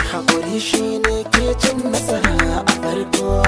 haƙuri shi ne ke cin nasara a farko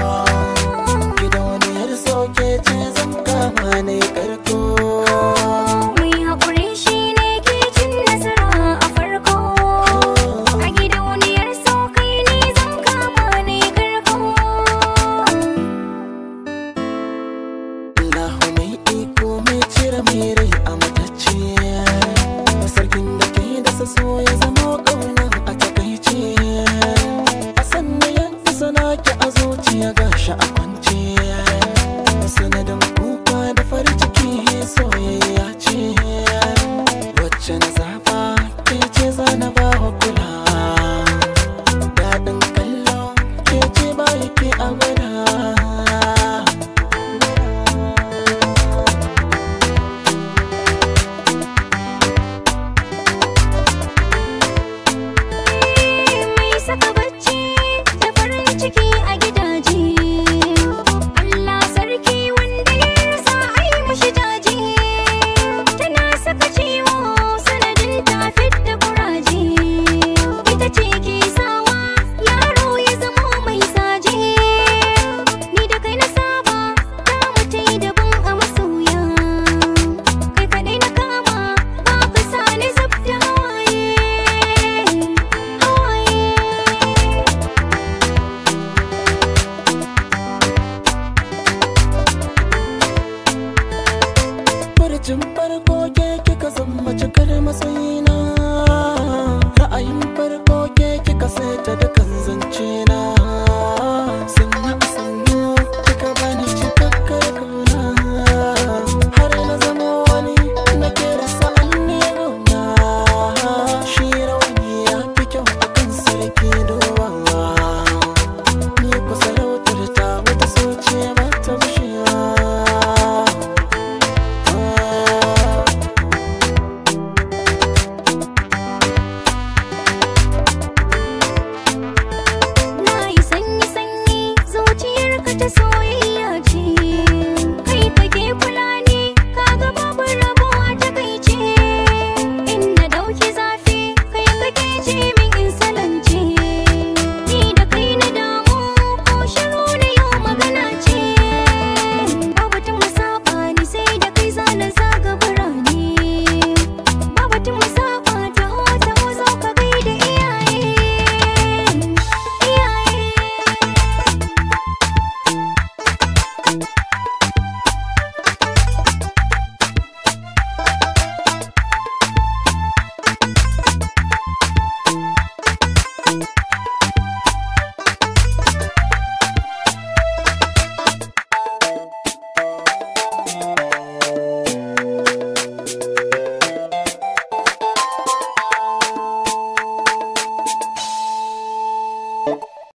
jin farko ke kika zama cikar matsayi möchte so